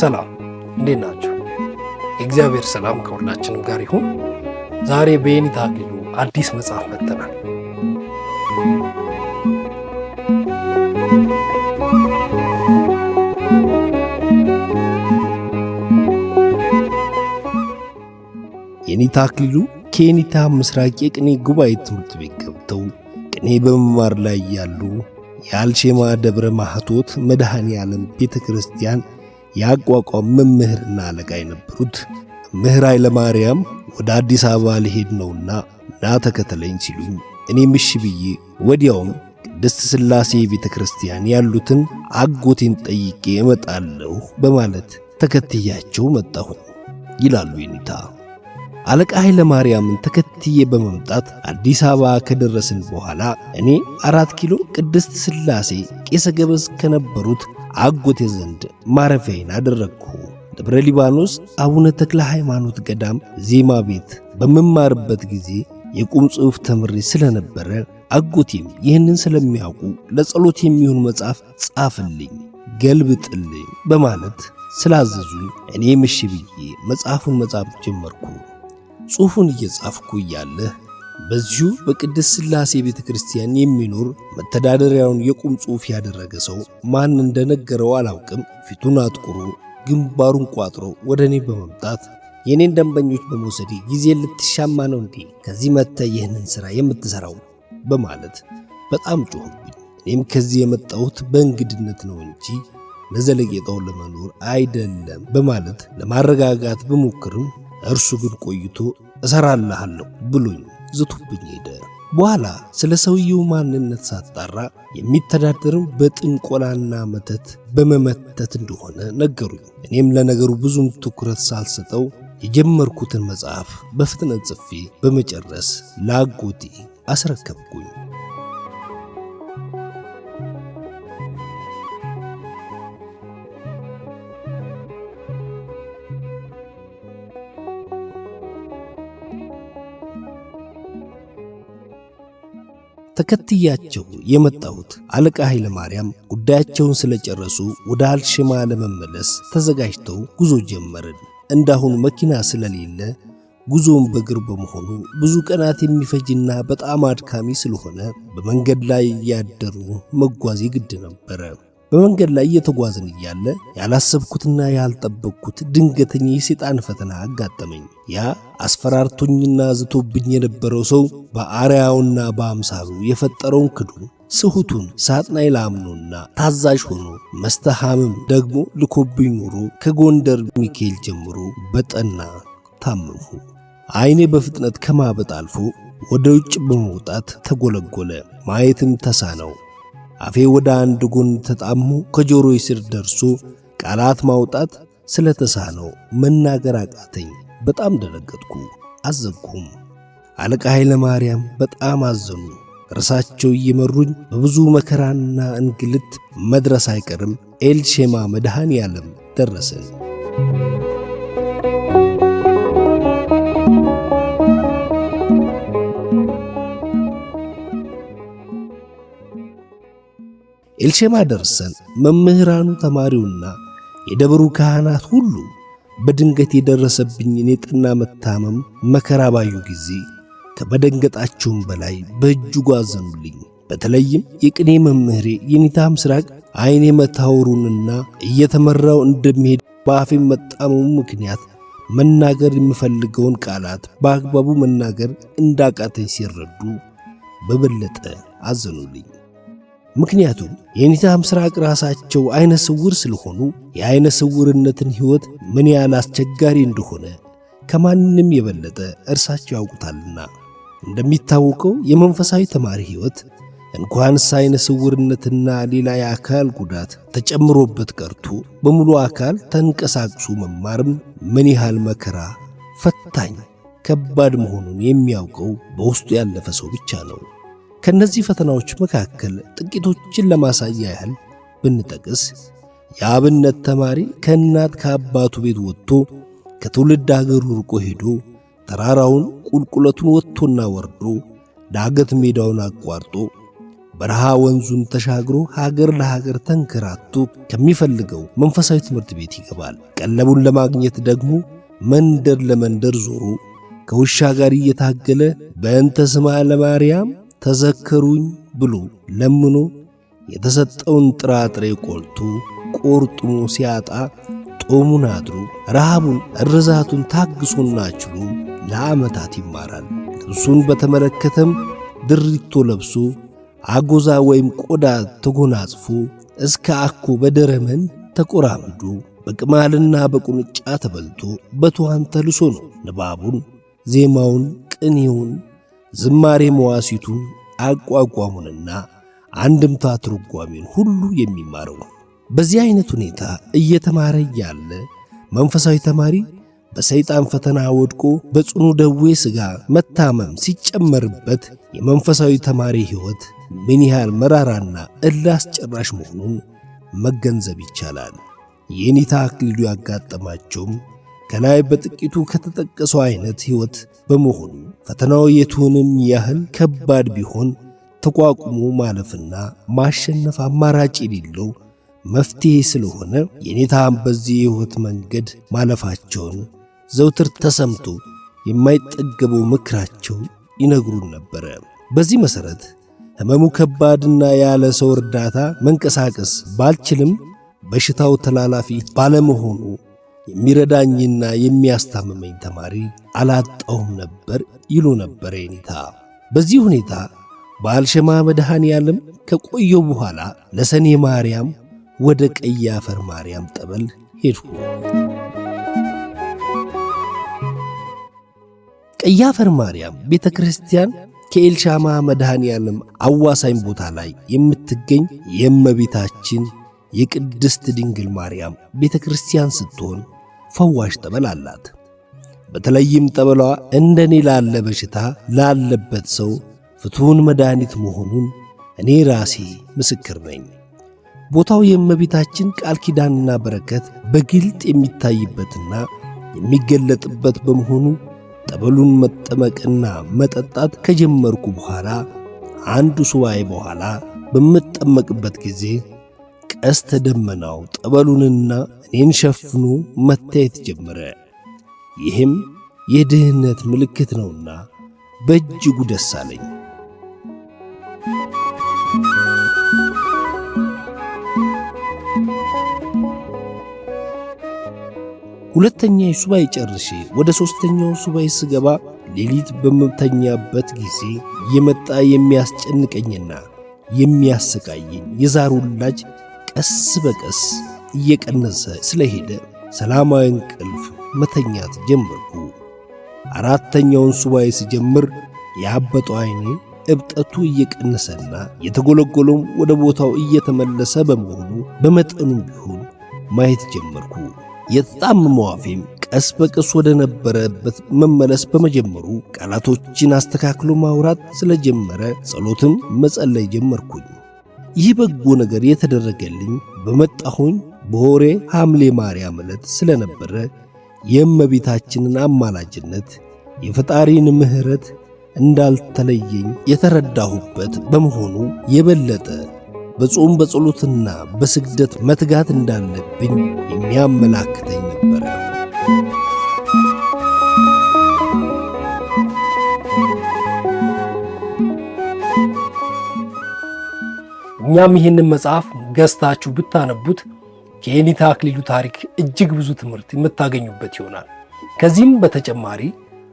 ሰላም እንዴት ናቸው? የእግዚአብሔር ሰላም ከሁላችንም ጋር ይሁን። ዛሬ በየኔታ አክሊሉ አዲስ መጽሐፍ መጥተናል። የኔታ አክሊሉ ከየኔታ ምስራቅ የቅኔ ጉባኤ ትምህርት ቤት ገብተው ቅኔ በመማር ላይ ያሉ የአልሼማ ደብረ ማህቶት መድኃኔ ዓለም ቤተ ክርስቲያን የአቋቋም መምህርና አለቃ የነበሩት መምህር ኃይለማርያም ወደ አዲስ አበባ ሊሄድ ነውና ና ተከተለኝ ሲሉኝ እኔ ምሽ ብዬ ወዲያውም ቅድስት ሥላሴ ቤተ ክርስቲያን ያሉትን አጎቴን ጠይቄ እመጣለሁ በማለት ተከትያቸው መጣሁ ይላሉ ይኒታ። አለቃ ኃይለ ማርያምን ተከትዬ በመምጣት አዲስ አበባ ከደረስን በኋላ እኔ አራት ኪሎ ቅድስት ሥላሴ ቄሰ ገበዝ ከነበሩት አጎቴ ዘንድ ማረፊያዬን አደረግኩ። ደብረ ሊባኖስ አቡነ ተክለ ሃይማኖት ገዳም ዜማ ቤት በምማርበት ጊዜ የቁም ጽሑፍ ተምሬ ስለነበረ አጎቴም ይህንን ስለሚያውቁ ለጸሎት የሚሆን መጽሐፍ ጻፍልኝ፣ ገልብጥልኝ በማለት ስላዘዙኝ እኔ ምሽ ብዬ መጽሐፉን መጻፍ ጀመርኩ። ጽሑፉን እየጻፍኩ እያለህ በዚሁ በቅድስት ሥላሴ ቤተ ክርስቲያን የሚኖር መተዳደሪያውን የቁም ጽሑፍ ያደረገ ሰው ማን እንደነገረው አላውቅም፣ ፊቱን አጥቁሮ ግንባሩን ቋጥሮ ወደ እኔ በመምጣት የእኔን ደንበኞች በመውሰድ ጊዜ ልትሻማ ነው እንዴ ከዚህ መጥተ ይህንን ሥራ የምትሠራው በማለት በጣም ጮኸብኝ። እኔም ከዚህ የመጣሁት በእንግድነት ነው እንጂ ለዘለቄታው ለመኖር አይደለም በማለት ለማረጋጋት ብሞክርም እርሱ ግን ቆይቶ እሠራልሃለሁ ብሎኝ ዝቱብኝ ሄደ። በኋላ ስለ ሰውየው ማንነት ሳጣራ የሚተዳደረው በጥንቆላና መተት በመመተት እንደሆነ ነገሩኝ። እኔም ለነገሩ ብዙም ትኩረት ሳልሰጠው የጀመርኩትን መጽሐፍ በፍጥነት ጽፌ በመጨረስ ላጎቴ አስረከብኩኝ። ተከትያቸው የመጣሁት አለቃ ኃይለ ማርያም ጉዳያቸውን ስለጨረሱ ወደ አልሽማ ለመመለስ ተዘጋጅተው ጉዞ ጀመርን። እንዳሁን መኪና ስለሌለ ጉዞውን በእግር በመሆኑ ብዙ ቀናት የሚፈጅና በጣም አድካሚ ስለሆነ በመንገድ ላይ ያደሩ መጓዝ ግድ ነበረ። በመንገድ ላይ እየተጓዝን እያለ ያላሰብኩትና ያልጠበቅኩት ድንገተኛ የሴጣን ፈተና አጋጠመኝ። ያ አስፈራርቶኝና ዝቶብኝ የነበረው ሰው በአርያውና በአምሳሉ የፈጠረውን ክዱ ስሁቱን ሳጥናይ ላምኖና ታዛዥ ሆኖ መስተሐምም ደግሞ ልኮብኝ ኑሮ ከጎንደር ሚካኤል ጀምሮ በጠና ታመምሁ። አይኔ በፍጥነት ከማበጥ አልፎ ወደ ውጭ በመውጣት ተጎለጎለ። ማየትም ተሳነው። አፌ ወደ አንድ ጎን ተጣሞ ከጆሮዬ ስር ደርሶ ቃላት ማውጣት ስለተሳነው መናገር አቃተኝ። በጣም ደነገጥኩ፣ አዘንኩም። አለቃ ኃይለ ማርያም በጣም አዘኑ። እርሳቸው እየመሩኝ በብዙ መከራና እንግልት መድረስ አይቀርም ኤልሼማ መድኃኔ ዓለም ደረስን። ኤልሼማ ደርሰን መምህራኑ፣ ተማሪውና የደብሩ ካህናት ሁሉ በድንገት የደረሰብኝን የጠና መታመም መከራ ባዩ ጊዜ ከመደንገጣቸውም በላይ በእጅጉ አዘኑልኝ። በተለይም የቅኔ መምህሬ የኔታ ምስራቅ ዐይኔ መታወሩንና እየተመራው እንደሚሄድ በአፌ መጣመሙ ምክንያት መናገር የምፈልገውን ቃላት በአግባቡ መናገር እንዳቃተኝ ሲረዱ በበለጠ አዘኑልኝ። ምክንያቱም የኒታ ምስራቅ ራሳቸው አይነ ስውር ስለሆኑ የአይነ ስውርነትን ሕይወት ምን ያህል አስቸጋሪ እንደሆነ ከማንም የበለጠ እርሳቸው ያውቁታልና። እንደሚታወቀው የመንፈሳዊ ተማሪ ሕይወት እንኳንስ አይነ ስውርነትና ሌላ የአካል ጉዳት ተጨምሮበት ቀርቶ በሙሉ አካል ተንቀሳቅሱ መማርም ምን ያህል መከራ፣ ፈታኝ፣ ከባድ መሆኑን የሚያውቀው በውስጡ ያለፈ ሰው ብቻ ነው። ከእነዚህ ፈተናዎች መካከል ጥቂቶችን ለማሳያ ያህል ብንጠቅስ የአብነት ተማሪ ከእናት ከአባቱ ቤት ወጥቶ ከትውልድ አገሩ ርቆ ሄዶ ተራራውን ቁልቁለቱን ወጥቶና ወርዶ ዳገት ሜዳውን አቋርጦ በረሃ ወንዙን ተሻግሮ ሀገር ለሀገር ተንከራቶ ከሚፈልገው መንፈሳዊ ትምህርት ቤት ይገባል። ቀለቡን ለማግኘት ደግሞ መንደር ለመንደር ዞሮ ከውሻ ጋር እየታገለ በእንተ ስማ ለማርያም ተዘከሩኝ ብሎ ለምኖ የተሰጠውን ጥራጥሬ ቆልቶ ቆርጥሞ ሲያጣ ጦሙን አድሮ ረሃቡን እርዛቱን ታግሶና ችሎ ለዓመታት ይማራል። ልብሱን በተመለከተም ድሪቶ ለብሶ አጎዛ ወይም ቆዳ ተጎናጽፎ እስከ አኮ በደረመን ተቆራምዶ በቅማልና በቁንጫ ተበልቶ በትዋን ተልሶ ነው ንባቡን፣ ዜማውን፣ ቅኔውን ዝማሬ መዋሲቱን አቋቋሙንና አንድምታ ትርጓሜን ሁሉ የሚማረው ነው። በዚህ አይነት ሁኔታ እየተማረ ያለ መንፈሳዊ ተማሪ በሰይጣን ፈተና ወድቆ በጽኑ ደዌ ሥጋ መታመም ሲጨመርበት የመንፈሳዊ ተማሪ ሕይወት ምን ያህል መራራና እልህ አስጨራሽ መሆኑን መገንዘብ ይቻላል። የኒታ አክሊሉ ያጋጠማቸውም ከላይ በጥቂቱ ከተጠቀሰው አይነት ሕይወት በመሆኑ ፈተናው የቱንም ያህል ከባድ ቢሆን ተቋቁሞ ማለፍና ማሸነፍ አማራጭ የሌለው መፍትሔ ስለሆነ የኔታም በዚህ የሕይወት መንገድ ማለፋቸውን ዘውትር ተሰምቶ የማይጠገበው ምክራቸው ይነግሩን ነበረ። በዚህ መሠረት ሕመሙ ከባድና ያለ ሰው እርዳታ መንቀሳቀስ ባልችልም በሽታው ተላላፊ ባለመሆኑ የሚረዳኝና የሚያስታምመኝ ተማሪ አላጣውም ነበር ይሉ ነበር የኔታ። በዚህ ሁኔታ ባልሸማ መድኃኔ ዓለም ከቆየው በኋላ ለሰኔ ማርያም ወደ ቀይ አፈር ማርያም ጠበል ሄድኩ። ቀይ አፈር ማርያም ቤተ ክርስቲያን ከኤልሻማ መድኃኔ ዓለም አዋሳኝ ቦታ ላይ የምትገኝ የእመቤታችን የቅድስት ድንግል ማርያም ቤተ ክርስቲያን ስትሆን ፈዋሽ ጠበል አላት። በተለይም ጠበሏ እንደኔ ላለ በሽታ ላለበት ሰው ፍቱን መድኃኒት መሆኑን እኔ ራሴ ምስክር ነኝ። ቦታው የእመቤታችን ቃል ኪዳንና በረከት በግልጥ የሚታይበትና የሚገለጥበት በመሆኑ ጠበሉን መጠመቅና መጠጣት ከጀመርኩ በኋላ አንዱ ሱባኤ በኋላ በምጠመቅበት ጊዜ ቀስተ ደመናው ጠበሉንና እኔን ሸፍኖ መታየት ጀመረ። ይህም የድህነት ምልክት ነውና በእጅጉ ደስ አለኝ። ሁለተኛ ሱባኤ ጨርሼ ወደ ሦስተኛው ሱባኤ ስገባ ሌሊት በምተኛበት ጊዜ የመጣ የሚያስጨንቀኝና የሚያሰቃየኝ የዛር ውላጅ ቀስ በቀስ እየቀነሰ ስለሄደ ሰላማዊ እንቅልፍ መተኛት ጀመርኩ። አራተኛውን ሱባኤ ስጀምር ያበጠው ዐይኔ እብጠቱ እየቀነሰና የተጎለጎለም ወደ ቦታው እየተመለሰ በመሆኑ በመጠኑም ቢሆን ማየት ጀመርኩ። የተጣመመው አፌም ቀስ በቀስ ወደ ነበረበት መመለስ በመጀመሩ ቃላቶችን አስተካክሎ ማውራት ስለጀመረ ጸሎትም መጸለይ ጀመርኩኝ። ይህ በጎ ነገር የተደረገልኝ በመጣሁኝ በሆሬ ሐምሌ ማርያም ዕለት ስለነበረ የእመቤታችንን አማላጅነት የፈጣሪን ምሕረት እንዳልተለየኝ የተረዳሁበት በመሆኑ የበለጠ በጾም በጸሎትና በስግደት መትጋት እንዳለብኝ የሚያመላክተኝ ነበረ። እኛም ይህንን መጽሐፍ ገዝታችሁ ብታነቡት ከኤኒታ አክሊሉ ታሪክ እጅግ ብዙ ትምህርት የምታገኙበት ይሆናል። ከዚህም በተጨማሪ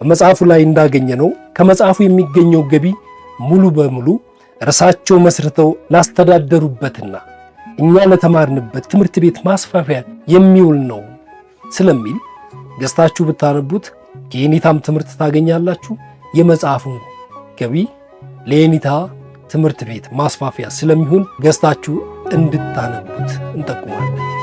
በመጽሐፉ ላይ እንዳገኘ ነው ከመጽሐፉ የሚገኘው ገቢ ሙሉ በሙሉ እርሳቸው መስርተው ላስተዳደሩበትና እኛ ለተማርንበት ትምህርት ቤት ማስፋፊያ የሚውል ነው ስለሚል ገዝታችሁ ብታነቡት ከየኔታም ትምህርት ታገኛላችሁ። የመጽሐፉን ገቢ ለየኔታ ትምህርት ቤት ማስፋፊያ ስለሚሆን ገዝታችሁ እንድታነቡት እንጠቁማለን።